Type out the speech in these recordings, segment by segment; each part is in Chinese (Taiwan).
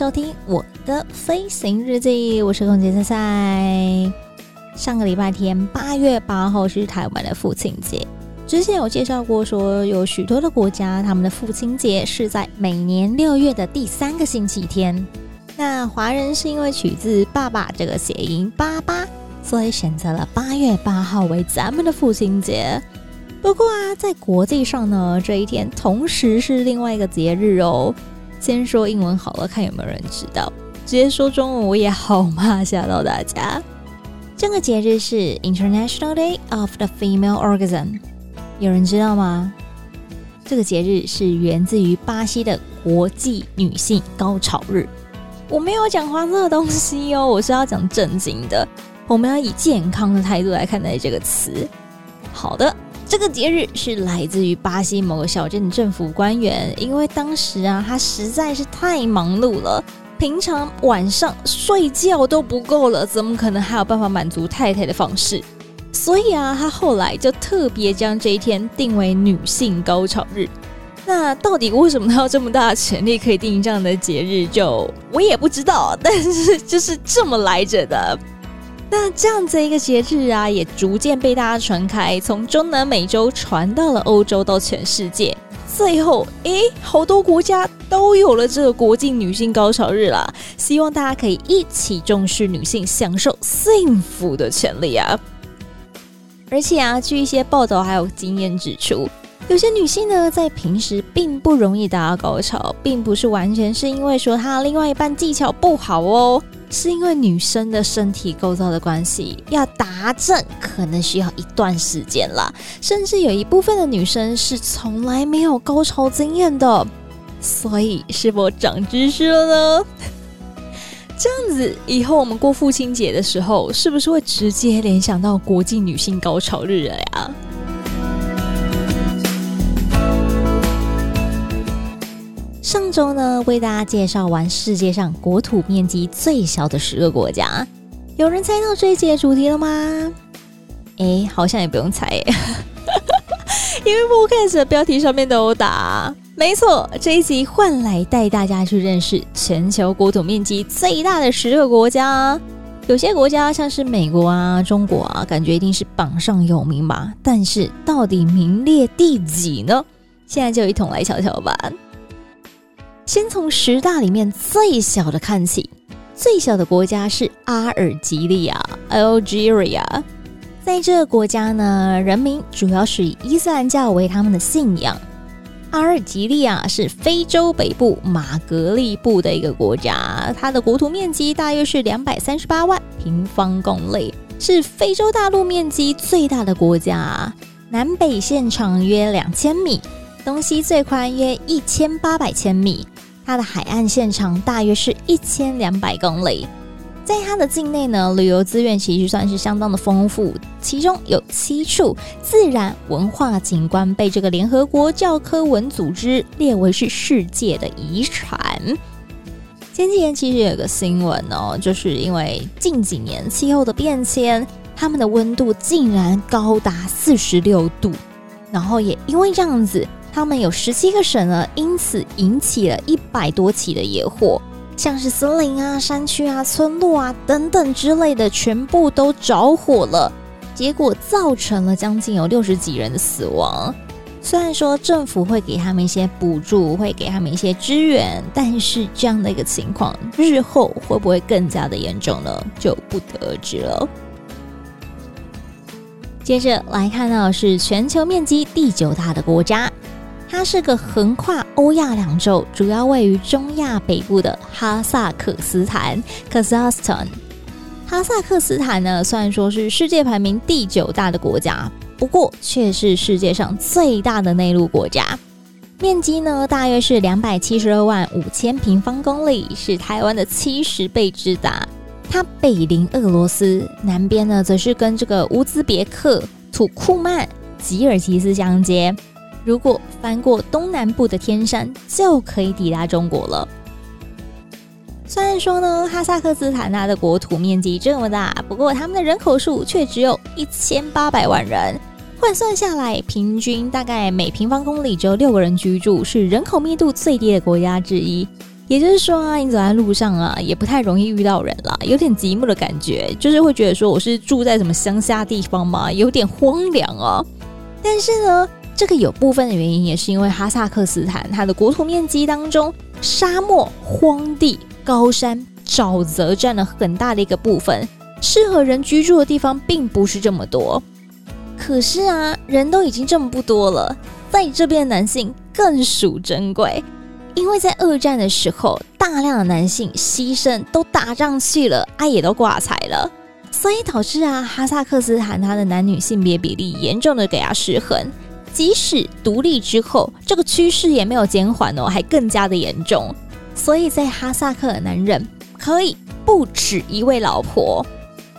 收聽我的飛行日記，我是空姐菜菜。上個禮拜天，八月八號是台灣的父親節。之前有介紹過說，有許多的國家，他們的父親節是在每年六月的第三個星期天。那華人是因為取自“爸爸”這個諧音“八八”，所以選擇了八月八號為咱們的父親節。不過啊，在國際上呢，這一天同時是另外一個節日哦。先說英文好了，看有沒有人知道。直接說中文我也好怕嚇到大家。這個節日是 International Day of the Female Orgasm，有人知道嗎？這個節日是源自於巴西的國際女性高潮日。我沒有講黃色的東西哦，我是要講正經的。我們要以健康的態度來看待這個詞。好的。這個節日是來自於巴西某個小鎮的政府官員，因為當時啊，他實在是太忙碌了，平常晚上睡覺都不夠了，怎麼可能還有辦法滿足太太的方式？所以啊，他後來就特別將這一天定為女性高潮日。那到底為什麼他有這麼大的權力可以定這樣的節日就？就我也不知道，但是就是這麼來着的。那這樣子一個節日啊，也逐漸被大家傳開，從中南美洲傳到了歐洲，到全世界，最後，誒，好多國家都有了這個國際女性高潮日了。希望大家可以一起重視女性享受幸福的權利啊！而且啊，據一些報道還有經驗指出。有些女性呢，在平時並不容易達到高潮，並不是完全是因為說她另外一半技巧不好哦，是因為女生的身體構造的關係，要達陣可能需要一段時間了，甚至有一部分的女生是從來沒有高潮經驗的，所以是否長知識了呢？這樣子以後我們過父親節的時候，是不是會直接聯想到國際女性高潮日了呀？上週呢，為大家介紹完世界上國土面積最小的十個國家，有人猜到這一集的主題了嗎？哎、欸，好像也不用猜耶， 因為 podcast 的標題上面都有打。沒錯，這一集換來帶大家去認識全球國土面積最大的十個國家。有些國家像是美國啊、中國啊，感覺一定是榜上有名吧？但是到底名列第幾呢？現在就一同來瞧瞧吧。先從十大裡面最小的看起，最小的國家是阿爾及利亞 （Algeria）。在這個國家呢，人民主要是以伊斯蘭教為他們的信仰。阿爾及利亞是非洲北部馬格里布的一個國家，它的國土面積大約是兩百三十八萬平方公里，是非洲大陸面積最大的國家。南北線長約兩千米，東西最寬約一千八百千米。它的海岸線長大約是一千兩百公里，在它的境內呢，旅遊資源其實算是相當的豐富，其中有七處自然文化景觀被這個聯合國教科文組織列為是世界的遺產。前幾天其實有個新聞哦，就是因為近幾年氣候的變遷，他們的溫度竟然高達四十六度，然後也因為這樣子。他們有十七個省呢，因此引起了一百多起的野火，像是森林啊、山區啊、村落啊等等之類的，全部都着火了。結果造成了將近有六十幾人的死亡。雖然說政府會給他們一些補助，會給他們一些支援，但是這樣的一個情況，日後會不會更加的嚴重呢？就不得而知了。接着來看到的是全球面積第九大的國家。它是個橫跨歐亞兩洲，主要位於中亞北部的哈薩克斯坦 （Kazakhstan）。哈薩克斯坦呢，雖然說是世界排名第九大的國家，不過卻是世界上最大的內陸國家，面積呢大約是兩百七十二萬五千平方公里，是台灣的七十倍之大。它北鄰俄羅斯，南邊呢則是跟這個烏茲別克、土庫曼、吉爾吉斯相接。如果翻過東南部的天山，就可以抵達中國了。雖然說呢，哈薩克斯坦納的國土面積這麼大，不過他們的人口數卻只有一千八百萬人，換算下來，平均大概每平方公里只有六個人居住，是人口密度最低的國家之一。也就是說啊，你走在路上啊，也不太容易遇到人了，有點寂寞的感覺，就是會覺得說，我是住在什麼鄉下地方嘛，有點荒涼哦、啊。但是呢。這個有部分的原因，也是因為哈薩克斯坦它的國土面積當中，沙漠、荒地、高山、沼澤佔了很大的一個部分，適合人居住的地方並不是這麼多。可是啊，人都已經這麼不多了，在這邊的男性更屬珍貴，因為在二戰的時候，大量的男性犧牲都打仗去了，啊，也都掛彩了，所以導致啊，哈薩克斯坦它的男女性別比例嚴重的給它失衡。即使獨立之後，這個趨勢也沒有減緩哦，還更加的嚴重。所以在哈薩克，男人可以不止一位老婆。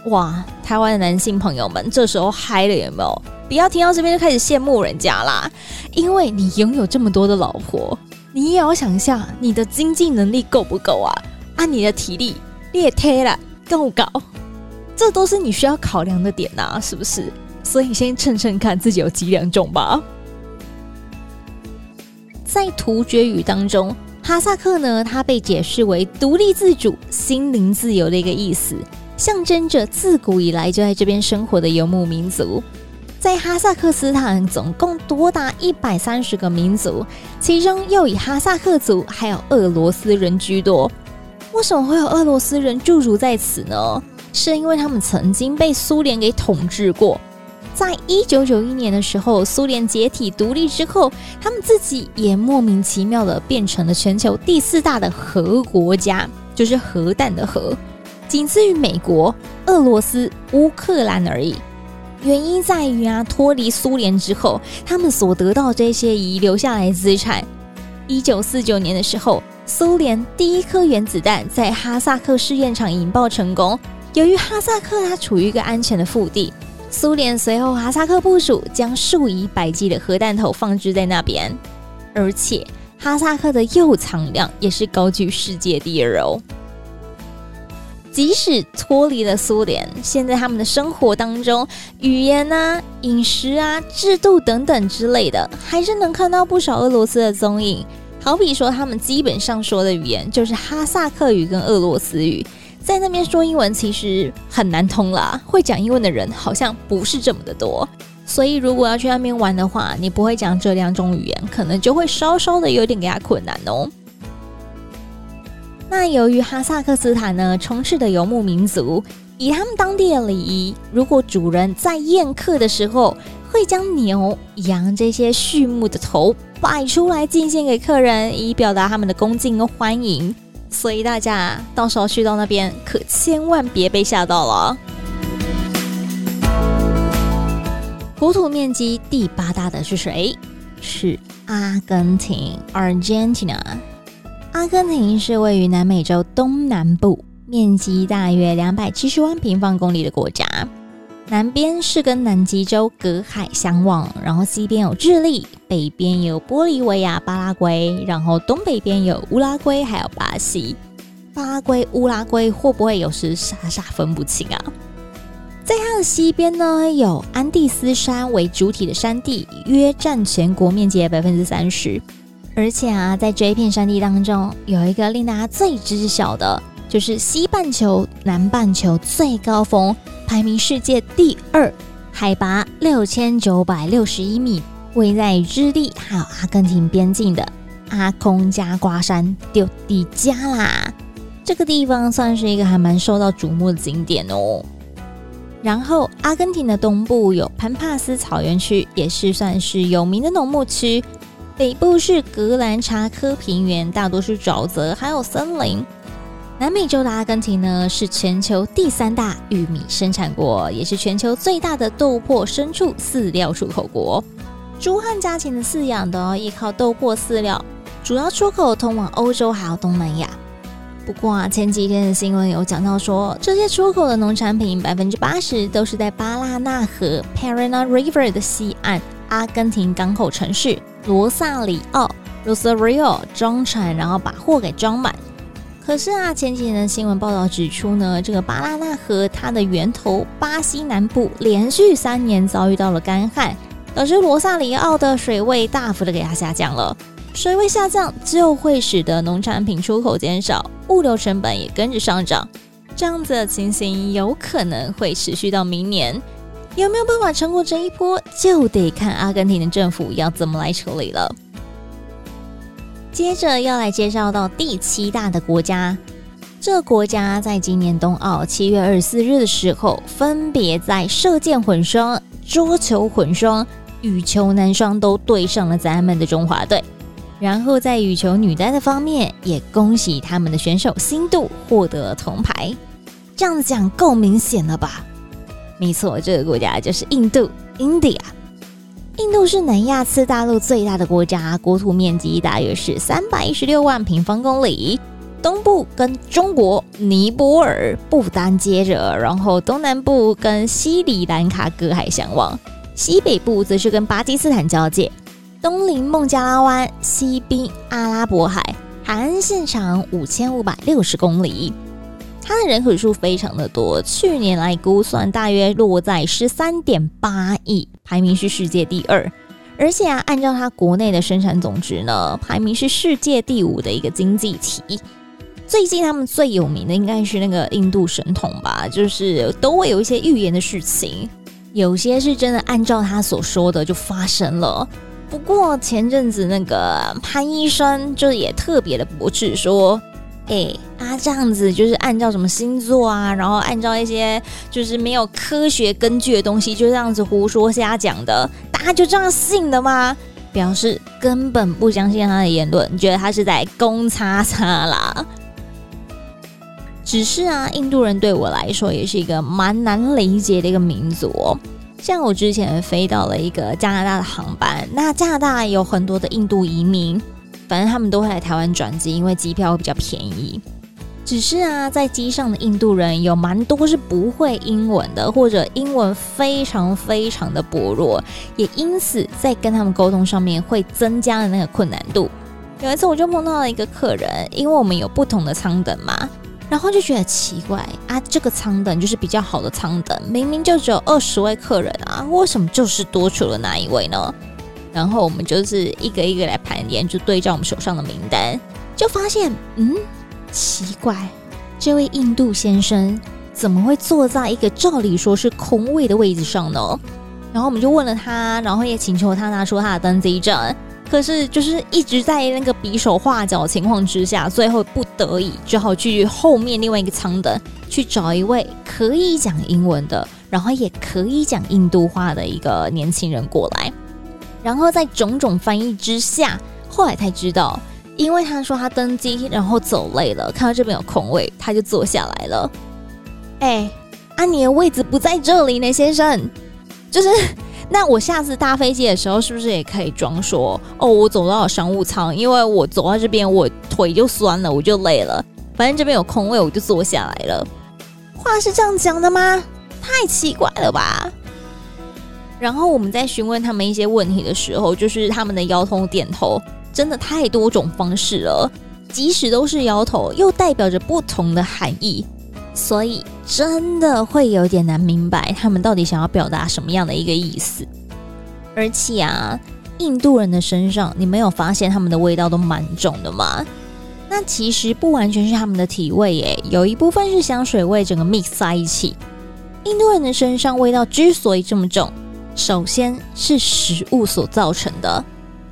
哇，台灣的男性朋友們，這時候嗨了有沒有？不要聽到這邊就開始羨慕人家啦，因為你擁有這麼多的老婆，你也要想一下，你的經濟能力夠不夠啊？按、啊、你的體力，裂天了，夠高，這都是你需要考量的點啊，是不是？所以先稱稱看自己有幾兩種吧。在突厥語當中，哈薩克呢，它被解釋為獨立自主、心靈自由的一個意思，象徵着自古以來就在這邊生活的游牧民族。在哈薩克斯坦，總共多達一百三十個民族，其中又以哈薩克族還有俄羅斯人居多。為什麼會有俄羅斯人駐足在此呢？是因為他們曾經被蘇聯給統治過。在一九九一年的時候，蘇聯解體獨立之後，他們自己也莫名其妙的變成了全球第四大的核國家，就是核彈的核，僅次於美國、俄羅斯、烏克蘭而已。原因在於啊，脫離蘇聯之後，他們所得到這些遺留下來的資產。一九四九年的時候，蘇聯第一顆原子彈在哈薩克試驗場引爆成功。由於哈薩克它處於一個安全的腹地。蘇聯隨後哈薩克部署將數以百計的核彈頭放置在那邊，而且哈薩克的鈾藏量也是高居世界第二哦。即使脫離了蘇聯，現在他們的生活當中，語言啊、飲食啊、制度等等之類的，還是能看到不少俄羅斯的蹤影。好比說，他們基本上說的語言就是哈薩克語跟俄羅斯語。在那邊說英文其實很難通啦，會講英文的人好像不是這麼的多，所以如果要去那邊玩的話，你不會講這兩種語言，可能就會稍稍的有點給它困難哦。那由於哈薩克斯坦呢，充斥的游牧民族，以他們當地的禮儀，如果主人在宴客的時候，會將牛、羊這些畜牧的頭擺出來敬獻給客人，以表達他們的恭敬和歡迎。所以大家到時候去到那邊，可千萬別被嚇到了。國土面積第八大的是誰？是阿根廷，Argentina。阿根廷是位於南美洲東南部，面積大約兩百七十萬平方公里的國家。南邊是跟南極洲隔海相望，然後西邊有智利，北邊有玻利維亞、巴拉圭，然後東北邊有烏拉圭，還有巴西。巴拉圭、烏拉圭會不會有時傻傻分不清啊？在它的西邊呢，有安第斯山為主體的山地，約佔全國面積的百分之三十。而且啊，在這一片山地當中，有一個令大家最知曉的。就是西半球，南半球最高峰，排名世界第二，海拔六千九百六十一米，位在智利還有阿根廷邊境的阿空加瓜山丟迪加啦。這個地方算是一個還蠻受到矚目的景點哦。然後，阿根廷的東部有潘帕斯草原區，也是算是有名的農牧區。北部是格蘭查科平原，大多是沼澤還有森林。南美洲的阿根廷呢，是全球第三大玉米生產國，也是全球最大的豆粕牲畜飼料出口國。豬和家禽的飼養都要依靠豆粕飼料，主要出口通往歐洲還有東南亞。不過啊，前幾天的新聞有講到說，這些出口的農產品百分之八十都是在巴拉納河 （Parana River） 的西岸，阿根廷港口城市羅薩里奧 （Rosario） 裝船，然後把貨給裝滿。可是啊，前幾年的新聞報道指出呢，這個巴拉那河它的源頭巴西南部連續三年遭遇到了乾旱，導致羅薩里奧的水位大幅的給它下降了。水位下降就會使得農產品出口減少，物流成本也跟着上漲。這樣子的情形有可能會持續到明年。有沒有辦法撐過這一波，就得看阿根廷的政府要怎麼來處理了。接着要來介紹到第七大的國家，這國家在今年東奧七月二十四日的時候，分別在射箭混雙、桌球混雙、羽球男雙都對上了咱們的中華隊，然後在羽球女單的方面，也恭喜他們的選手辛度獲得銅牌。這樣子講夠明顯了吧？沒錯，這個國家就是印度 India。印第啊印度是南亞次大陸最大的國家，國土面積大約是三百一十六萬平方公里。東部跟中國、尼泊爾、不丹接壤，然後東南部跟斯里蘭卡隔海相望，西北部則是跟巴基斯坦交界，東臨孟加拉灣，西瀕阿拉伯海，海岸線長五千五百六十公里。他的人口數非常的多，去年來估算大約落在十三點八億，排名是世界第二。而且啊，按照他國內的生產總值呢，排名是世界第五的一個經濟體。最近他們最有名的應該是那個印度神童吧，就是都會有一些預言的事情，有些是真的，按照他所說的就發生了。不過前陣子那個潘醫生就也特別的駁斥說。哎、欸，他、啊、這樣子就是按照什麼星座啊，然後按照一些就是沒有科學根據的東西，就這樣子胡說瞎講的，大家就這樣信的嗎？表示根本不相信他的言論，覺得他是在公叉叉啦。只是啊，印度人對我來說也是一個蠻難理解的一個民族哦。像我之前飛到了一個加拿大的航班，那加拿大有很多的印度移民。反正他們都會來台灣轉機，因為機票會比較便宜。只是啊，在機上的印度人有蠻多是不會英文的，或者英文非常非常的薄弱，也因此在跟他們溝通上面會增加了那個困難度。有一次我就碰到了一個客人，因為我們有不同的艙等嘛，然後就覺得奇怪啊，這個艙等就是比較好的艙等，明明就只有二十位客人啊，為什麼就是多出了那一位呢？然後我們就是一個一個來盤點，就對照我們手上的名單，就發現，嗯，奇怪，這位印度先生怎麼會坐在一個照理說是空位的位置上呢？然後我們就問了他，然後也請求他拿出他的登機證。可是就是一直在那個比手畫腳的情況之下，最後不得已只好去後面另外一個艙等去找一位可以講英文的，然後也可以講印度話的一個年輕人過來。然後在種種翻譯之下，後來才知道，因為他說他登機，然後走累了，看到這邊有空位，他就坐下來了。哎，啊，你的位置不在這裡呢，先生。就是，那我下次搭飛機的時候，是不是也可以裝說，哦，我走到了商務艙，因為我走到這邊，我腿就酸了，我就累了，反正這邊有空位，我就坐下來了。話是這樣講的嗎？太奇怪了吧！然後我們在詢問他們一些問題的時候，就是他們的搖頭點頭真的太多種方式了，即使都是搖頭，又代表着不同的含義，所以真的會有點難明白他們到底想要表達什麼樣的一個意思。而且啊，印度人的身上，你沒有發現他們的味道都蠻重的嗎？那其實不完全是他們的體味，誒，有一部分是香水味，整個 mix 在一起。印度人的身上味道之所以這麼重，首先是食物所造成的，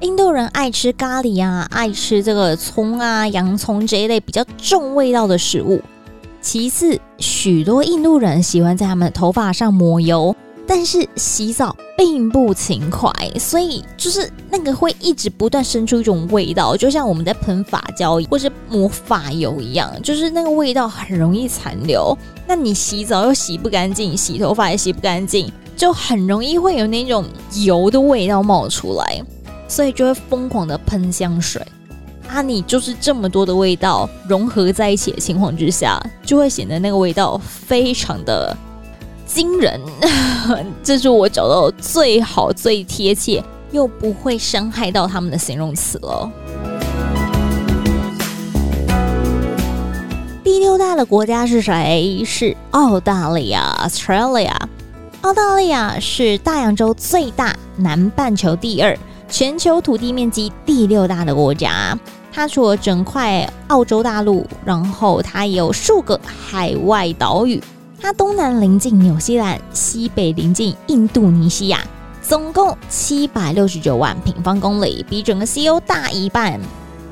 印度人愛吃咖喱啊，愛吃這個蔥啊、洋蔥這一類比較重味道的食物。其次，許多印度人喜歡在他們頭髮上抹油，但是洗澡並不勤快，所以就是那個會一直不斷生出一種味道，就像我們在噴髮膠或是抹髮油一樣，就是那個味道很容易殘留。那你洗澡又洗不乾淨，洗頭髮也洗不乾淨。就很容易會有那種油的味道冒出來，所以就會瘋狂的噴香水啊！你就是這麼多的味道融合在一起的情況之下，就會顯得那個味道非常的驚人。 這是我找到最好最貼切又不會傷害到他們的形容詞了。第六大的國家是誰？是澳大利亞，Australia。澳大利亞是大洋洲最大、南半球第二、全球土地面積第六大的國家。它除了整塊澳洲大陸，然後它也有數個海外島嶼。它東南臨近紐西蘭，西北臨近印度尼西亞，總共七百六十九萬平方公里，比整個西歐大一半。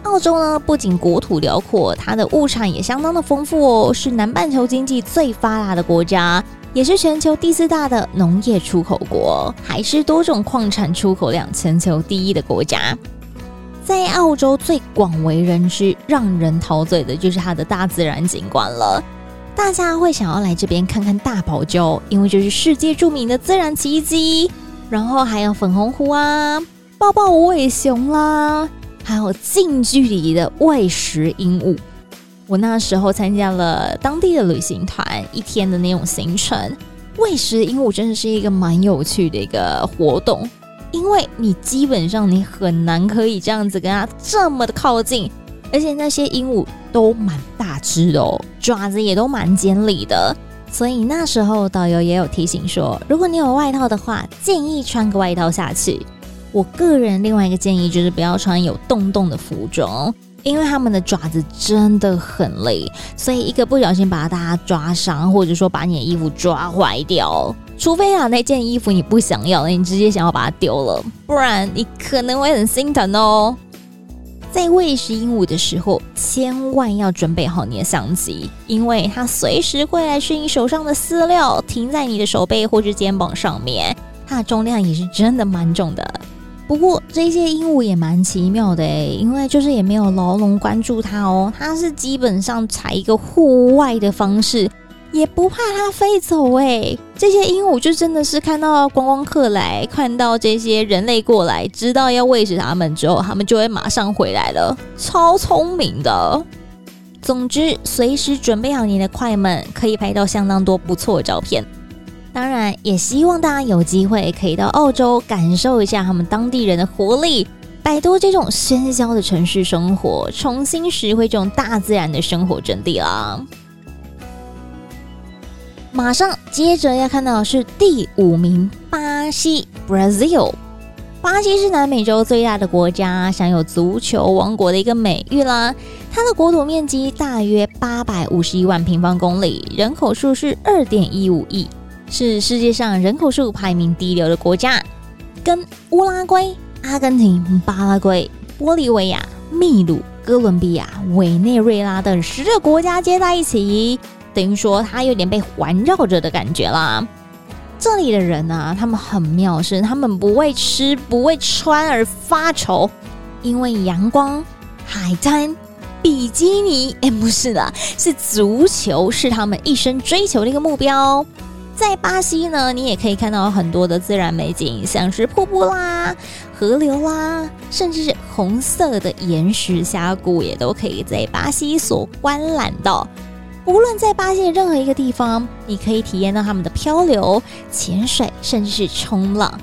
澳洲呢，不僅國土遼闊，它的物產也相當的豐富哦，是南半球經濟最發達的國家。也是全球第四大的農業出口國，還是多種礦產出口量全球第一的國家。在澳洲最廣為人知、讓人陶醉的就是它的大自然景觀了。大家會想要來這邊看看大堡礁，因為這是世界著名的自然奇蹟。然後還有粉紅湖啊，抱抱無尾熊啦，還有近距離的餵食鸚鵡。我那時候參加了當地的旅行團，一天的那種行程，餵食鸚鵡真的是一個蠻有趣的一個活動，因為你基本上你很難可以這樣子跟它這麼的靠近，而且那些鸚鵡都蠻大隻的哦，爪子也都蠻尖利的，所以那時候導遊也有提醒說，如果你有外套的話，建議穿個外套下去。我個人另外一個建議就是不要穿有洞洞的服裝。因為它們的爪子真的很累，所以一個不小心把大家抓傷，或者說把你的衣服抓壞掉，除非啊那件衣服你不想要了，你直接想要把它丟了，不然你可能會很心疼哦。在餵食鸚鵡的時候，千萬要準備好你的相機，因為它隨時會來吃你手上的飼料，停在你的手背或是肩膀上面，它的重量也是真的蠻重的。不過這些鸚鵡也蠻奇妙的哎，因為就是也沒有牢籠關住它哦，它是基本上採一個戶外的方式，也不怕它飛走哎。這些鸚鵡就真的是看到觀光客來，看到這些人類過來，知道要餵食它們之後，它們就會馬上回來了，超聰明的。總之，隨時準備好你的快門，可以拍到相當多不錯的照片。當然，也希望大家有機會可以到澳洲感受一下他們當地人的活力，擺脫這種喧囂的城市生活，重新拾回這種大自然的生活真諦啦。馬上接着要看到的是第五名巴西 （Brazil）。巴西是南美洲最大的國家，享有“足球王國”的一個美譽啦。它的國土面積大約八百五十一萬平方公里，人口數是二點一五億。是世界上人口數排名第六的國家，跟烏拉圭、阿根廷、巴拉圭、玻利維亞、秘魯、哥倫比亞、委內瑞拉等十個國家接在一起，等於說它有點被環繞着的感覺啦。這裡的人呢、啊，他們很妙，是他們不為吃不為穿而發愁，因為陽光、海灘、比基尼……哎、欸，不是的，是足球，是他們一生追求的一個目標。在巴西呢，你也可以看到很多的自然美景，像是瀑布啦、河流啦，甚至是紅色的岩石峽谷也都可以在巴西所觀覽到。無論在巴西的任何一個地方，你可以體驗到他們的漂流、潛水，甚至是衝浪。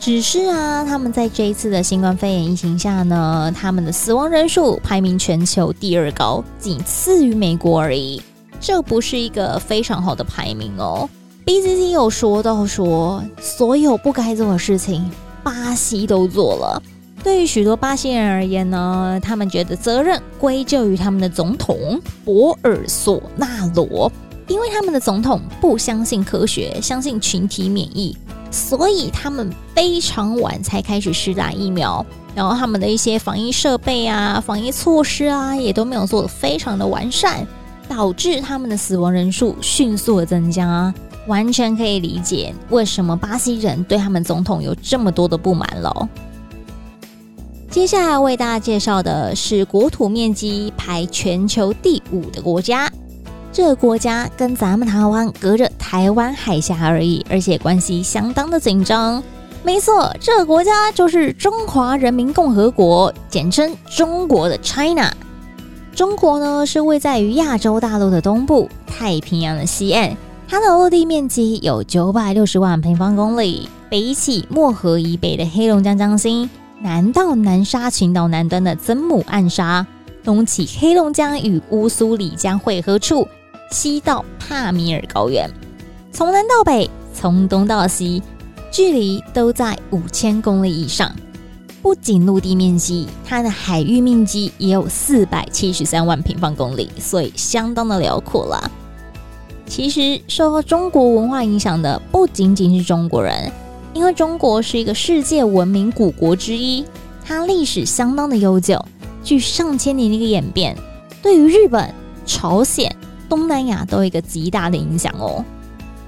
只是啊，他們在這一次的新冠肺炎疫情下呢，他們的死亡人數排名全球第二高，僅次於美國而已。這不是一個非常好的排名哦。BCC 有說到說，所有不該做的事情，巴西都做了。對於許多巴西人而言呢，他們覺得責任歸咎於他們的總統博爾索納羅，因為他們的總統不相信科學，相信群體免疫，所以他們非常晚才開始施打疫苗，然後他們的一些防疫設備啊、防疫措施啊，也都沒有做得非常的完善，導致他們的死亡人數迅速的增加。完全可以理解為什麼巴西人對他們總統有這麼多的不滿嘍。接下來為大家介紹的是國土面積排全球第五的國家，這個國家跟咱們台灣隔着台灣海峽而已，而且關係相當的緊張。沒錯，這個國家就是中華人民共和國，簡稱中國的 China。中國呢是位在於亞洲大陸的東部，太平洋的西岸。它的陸地面積有九百六十萬平方公里，北起漠河以北的黑龍江江心，南到南沙群島南端的曾母暗沙，東起黑龍江與烏蘇里江匯合處，西到帕米爾高原。從南到北，從東到西，距離都在五千公里以上。不僅陸地面積，它的海域面積也有四百七十三萬平方公里，所以相當的遼闊了。其實，受到中國文化影響的不僅僅是中國人，因為中國是一個世界文明古國之一，它歷史相當的悠久，據上千年的一個演變，對於日本、朝鮮、東南亞都有一個極大的影響哦。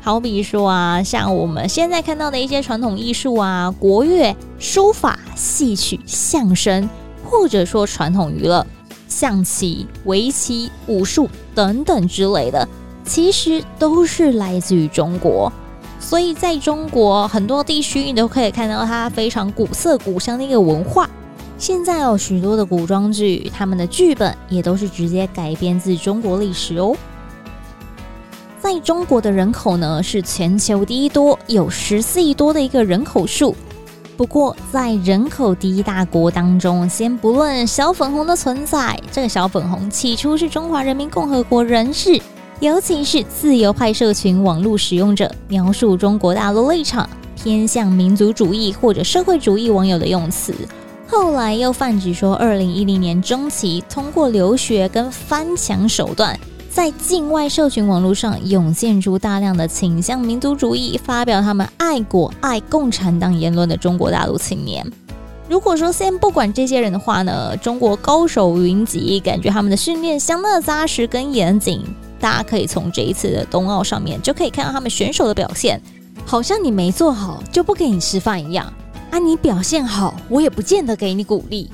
好比說啊，像我們現在看到的一些傳統藝術啊，國樂、書法、戲曲、相聲，或者說傳統娛樂，象棋、圍棋、武術等等之類的。其實都是來自於中國，所以在中國很多地區，你都可以看到它非常古色古香的一個文化。現在有、哦、許多的古裝劇，他們的劇本也都是直接改編自中國歷史哦。在中國的人口呢是全球第一多，有十四億多的一個人口數。不過在人口第一大國當中，先不論小粉紅的存在，這個小粉紅起初是中華人民共和國人士。尤其是自由派社群網絡使用者描述中國大陸立場偏向民族主義或者社會主義網友的用詞，後來又泛指說，二零一零年中期通過留學跟翻牆手段，在境外社群網絡上湧現出大量的傾向民族主義、發表他們愛國愛共產黨言論的中國大陸青年。如果說先不管這些人的話呢，中國高手雲集，感覺他們的訓練相當的扎實跟嚴謹。大家可以從這一次的冬奧上面就可以看到他們選手的表現，好像你沒做好就不給你吃飯一樣啊！你表現好，我也不見得給你鼓勵。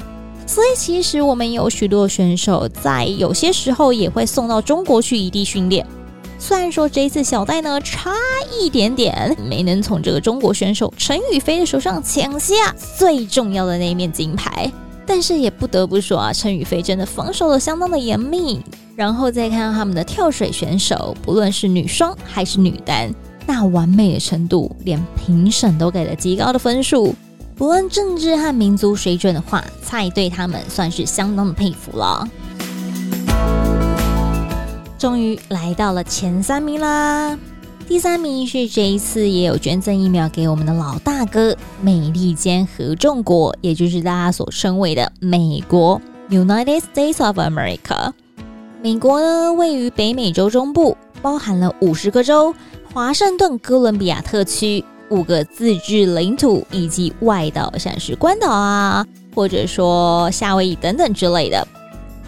所以其實我們有許多選手在有些時候也會送到中國去異地訓練。雖然說這一次小戴呢差一點點沒能從這個中國選手陳雨菲的手上搶下最重要的那一面金牌，但是也不得不說啊，陳雨菲真的防守的相當的嚴密。然後再看到他們的跳水選手，不論是女雙還是女單，那完美的程度，連評審都給了極高的分數。不論政治和民族水準的話，菜對他們算是相當的佩服了。終於來到了前三名啦！第三名是這一次也有捐贈疫苗給我們的老大哥——美利堅合眾國，也就是大家所稱為的美國 （United States of America）。美國呢，位於北美洲中部，包含了五十個州、華盛頓哥倫比亞特區、五個自治領土以及外島，像是關島啊，或者說夏威夷等等之類的。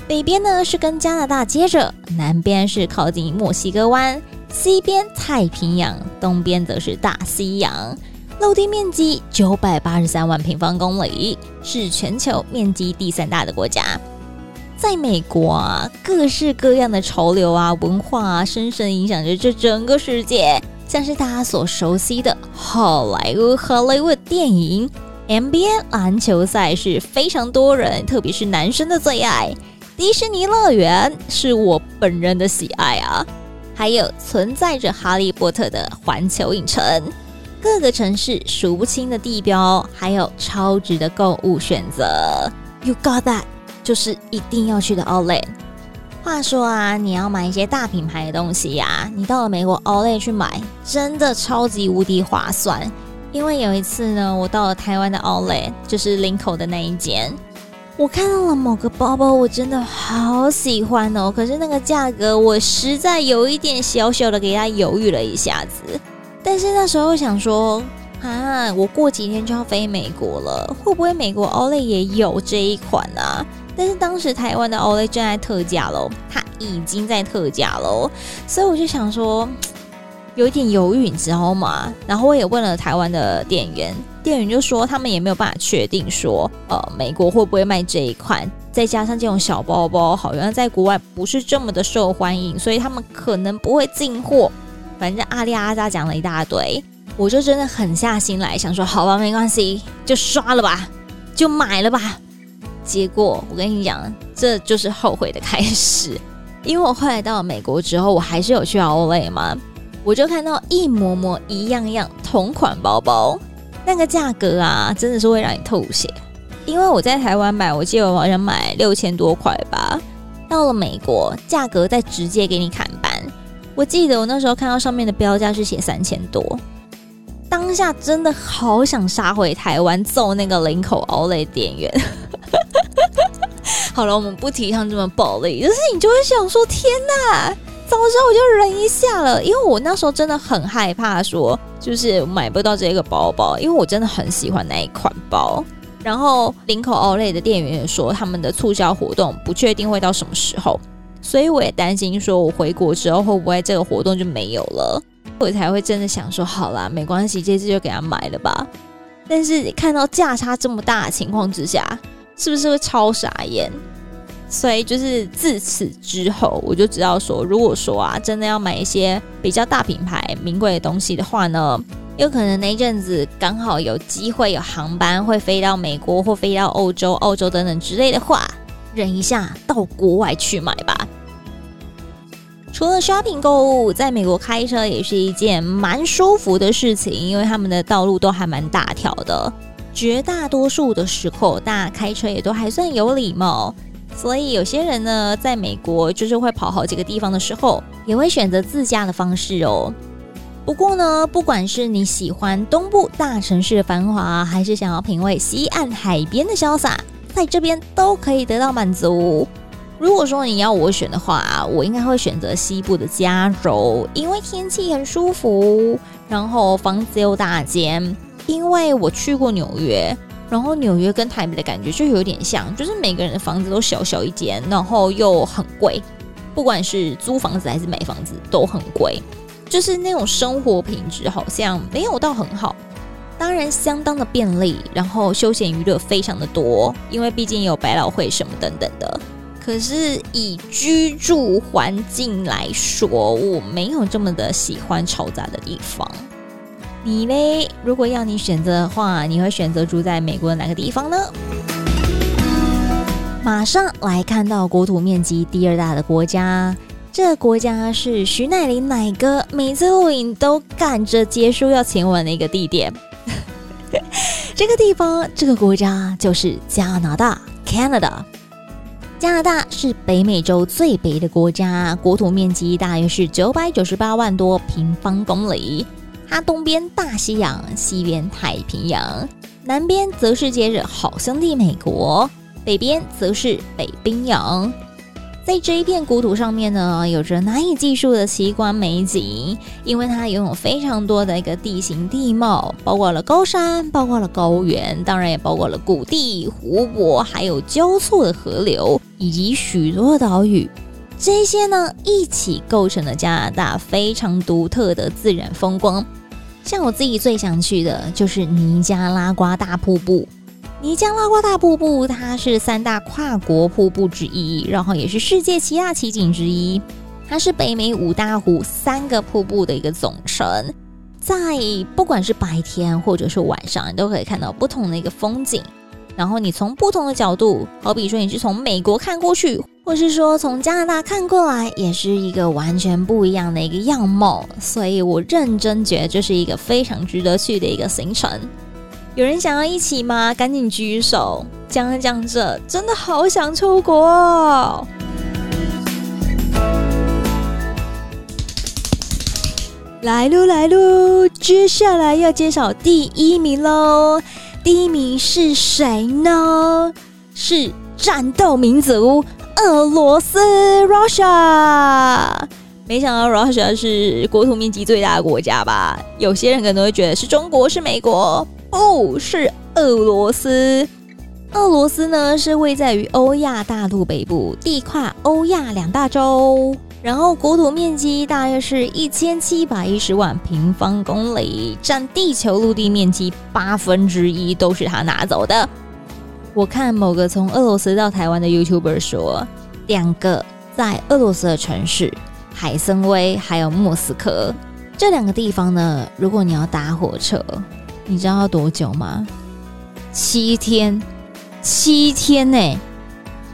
北邊呢是跟加拿大接着，南邊是靠近墨西哥灣，西邊太平洋，東邊則是大西洋。陸地面積九百八十三萬平方公里，是全球面積第三大的國家。在美國啊，各式各樣的潮流啊、文化啊，深深影響着這整個世界。像是大家所熟悉的好萊塢，Hollywood 電影、NBA 籃球賽是非常多人，特別是男生的最愛。迪士尼樂園是我本人的喜愛啊，還有存在着《哈利波特》的環球影城，各個城市數不清的地標，還有超值的購物選擇。You got that！就是一定要去的奧萊。話說啊，你要買一些大品牌的東西呀、啊，你到了美國奧萊去買，真的超級無敵划算。因為有一次呢，我到了台灣的奧萊，就是林口的那一間，我看到了某個包包，我真的好喜歡哦。可是那個價格，我實在有一點小小的給他猶豫了一下子。但是那時候我想說，啊，我過幾天就要飛美國了，會不會美國奧萊也有這一款啊？但是當時台灣的 OLAY 正在特價嘍，它已經在特價嘍，所以我就想說，有一點猶豫，你知道嗎？然後我也問了台灣的店員，店員就說他們也沒有辦法確定說，呃，美國會不會賣這一款？再加上這種小包包，好像在國外不是這麼的受歡迎，所以他們可能不會進貨。反正阿里阿扎講了一大堆，我就真的狠下心來想說，好吧，沒關係，就刷了吧，就買了吧。結果我跟你講，這就是後悔的開始。因為我後來到美國之後，我還是有去 Olay 嘛，我就看到一模模一樣樣同款包包，那個價格啊，真的是會讓你吐血。因為我在台灣買，我記得我好像買六千多塊吧，到了美國價格再直接給你砍半。我記得我那時候看到上面的標價是寫三千多。當下真的好想殺回台灣揍那個林口 Outlet 店員。 好了，我們不提倡這麼暴力，就是你就會想說：天哪！早知道我就忍一下了。因為我那時候真的很害怕，說就是買不到這個包包，因為我真的很喜歡那一款包。然後林口 Outlet 的店員也說，他們的促銷活動不確定會到什麼時候，所以我也擔心，說我回國之後會不會這個活動就沒有了。我才會真的想說，好啦，沒關係，這次就給他買了吧。但是看到價差這麼大的情況之下，是不是會超傻眼？所以就是自此之後，我就知道說，如果說啊，真的要買一些比較大品牌、名貴的東西的話呢，有可能那陣子剛好有機會有航班會飛到美國或飛到歐洲、歐洲等等之類的話，忍一下，到國外去買吧。除了 shopping 購物，在美國開車也是一件蠻舒服的事情，因為他們的道路都還蠻大條的。絕大多數的時候，大家開車也都還算有禮貌，所以有些人呢，在美國就是會跑好幾個地方的時候，也會選擇自駕的方式哦。不過呢，不管是你喜歡東部大城市的繁華，還是想要品味西岸海邊的瀟灑，在這邊都可以得到滿足。如果說你要我選的話，我應該會選擇西部的加州，因為天氣很舒服，然後房子又大間。因為我去過紐約，然後紐約跟台北的感覺就有點像，就是每個人的房子都小小一間，然後又很貴，不管是租房子還是買房子都很貴，就是那種生活品質好像沒有到很好。當然相當的便利，然後休閒娛樂非常的多，因為畢竟有百老匯什麼等等的。可是以居住環境來說，我沒有這麼的喜歡嘈雜的地方。你呢？如果要你選擇的話，你會選擇住在美國的哪個地方呢？馬上來看到國土面積第二大的國家，這個國家是徐乃麟乃哥每次錄影都趕着結束要前往的一個地點。 這個地方，這個國家就是加拿大 （Canada）。加拿大是北美洲最北的國家，國土面積大約是九百九十八萬多平方公里。它東邊大西洋，西邊太平洋，南邊則是接着好兄弟美國，北邊則是北冰洋。在這一片國土上面呢，有着難以計數的奇觀美景，因為它擁有非常多的一個地形地貌，包括了高山，包括了高原，當然也包括了谷地、湖泊，還有交錯的河流。以及許多島嶼，這些呢一起構成了加拿大非常獨特的自然風光。像我自己最想去的就是尼加拉瓜大瀑布。尼加拉瓜大瀑布它是三大跨國瀑布之一，然後也是世界七大奇景之一。它是北美五大湖三個瀑布的一個總稱，在不管是白天或者是晚上，你都可以看到不同的一個風景。然後你從不同的角度，好比說你是從美國看過去，或是說從加拿大看過來，也是一個完全不一樣的一個樣貌。所以我認真覺得這是一個非常值得去的一個行程。有人想要一起嗎？趕緊舉手！講着講着，真的好想出國哦！來嘍來嘍，接下來要揭曉第一名嘍！第一名是誰呢？是戰鬥民族俄羅斯 Russia。沒想到 Russia 是國土面積最大的國家吧？有些人可能會覺得是中國、是美國，不，哦、是俄羅斯。俄羅斯呢，是位在於歐亞大陸北部，地跨歐亞兩大洲。然後國土面積大約是一千七百一十萬平方公里，占地球陸地面積八分之一，都是他拿走的。我看某個從俄羅斯到台灣的 YouTuber 說，兩個在俄羅斯的城市海參崴還有莫斯科這兩個地方呢，如果你要搭火車，你知道要多久嗎？七天，七天呢、欸？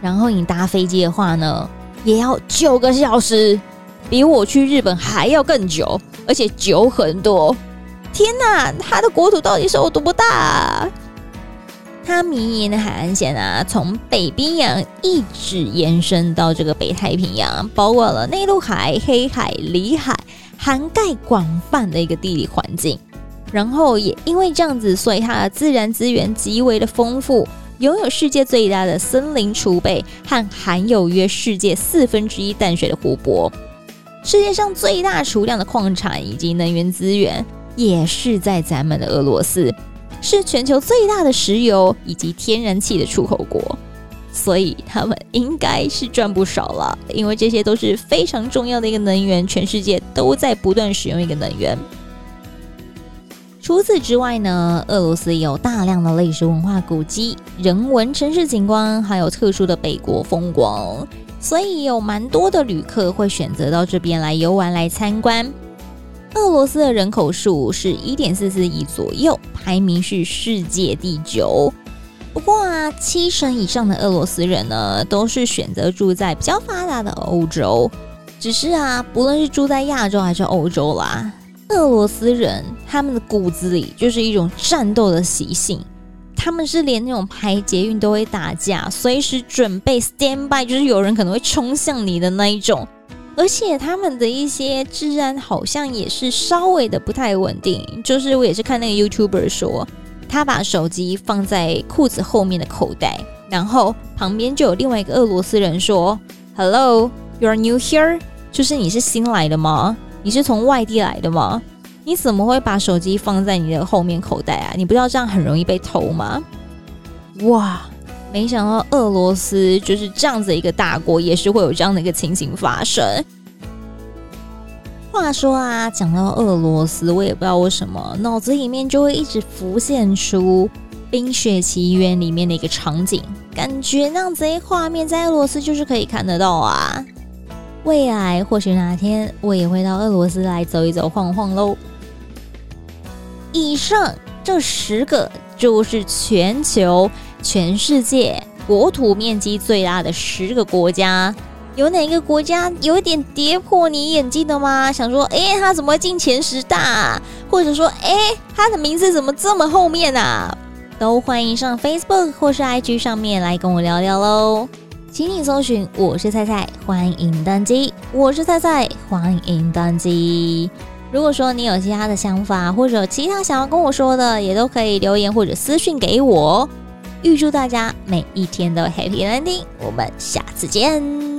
然後你搭飛機的話呢？也要九個小時，比我去日本還要更久，而且久很多。天哪，它的國土到底是有多大啊？它綿延的海岸線啊，從北冰洋一直延伸到這個北太平洋，包括了內陸海、黑海、裡海，涵蓋廣泛的一個地理環境。然後也因為這樣子，所以它的自然資源極為的豐富。擁有世界最大的森林儲備和含有約世界四分之一淡水的湖泊，世界上最大儲量的礦產以及能源資源也是在咱們的俄羅斯，是全球最大的石油以及天然氣的出口國，所以他們應該是賺不少了，因為這些都是非常重要的一個能源，全世界都在不斷使用一個能源。除此之外呢，俄羅斯有大量的歷史文化古蹟、人文城市景觀，還有特殊的北國風光，所以有蠻多的旅客會選擇到這邊來遊玩、來參觀。俄羅斯的人口數是一點四四億左右，排名是世界第九。不過啊，七成以上的俄羅斯人呢，都是選擇住在比較發達的歐洲。只是啊，不論是住在亞洲還是歐洲啦。俄羅斯人他們的骨子裡就是一種戰鬥的習性，他們是連那種排捷運都會打架，隨時準備 stand by，就是有人可能會衝向你的那一種。而且他們的一些治安好像也是稍微的不太穩定，就是我也是看那個 YouTuber 說，他把手機放在褲子後面的口袋，然後旁邊就有另外一個俄羅斯人說，Hello，you are new here，就是你是新來的嗎？你是從外地來的嗎？你怎麼會把手機放在你的後面口袋啊？你不知道這樣很容易被偷嗎？哇，沒想到俄羅斯就是這樣子的一個大國，也是會有這樣的一個情形發生。話說啊，講到俄羅斯，我也不知道為什麼腦子裡面就會一直浮現出《冰雪奇緣》裡面的一個場景，感覺那樣子的畫面在俄羅斯就是可以看得到啊。未來或許哪天我也會到俄羅斯來走一走、晃晃嘍。以上這十個就是全球、全世界國土面積最大的十個國家。有哪一個國家有點跌破你眼鏡的嗎？想說，誒他怎麼會進前十大？或者說，誒他的名字怎麼這麼後面啊？都歡迎上 Facebook 或是 IG 上面來跟我聊聊嘍。請你搜尋，我是菜菜，歡迎登機。我是菜菜，歡迎登機。如果說你有其他的想法，或者有其他想要跟我說的，也都可以留言或者私訊給我。預祝大家每一天都 Happy Ending，我們下次見。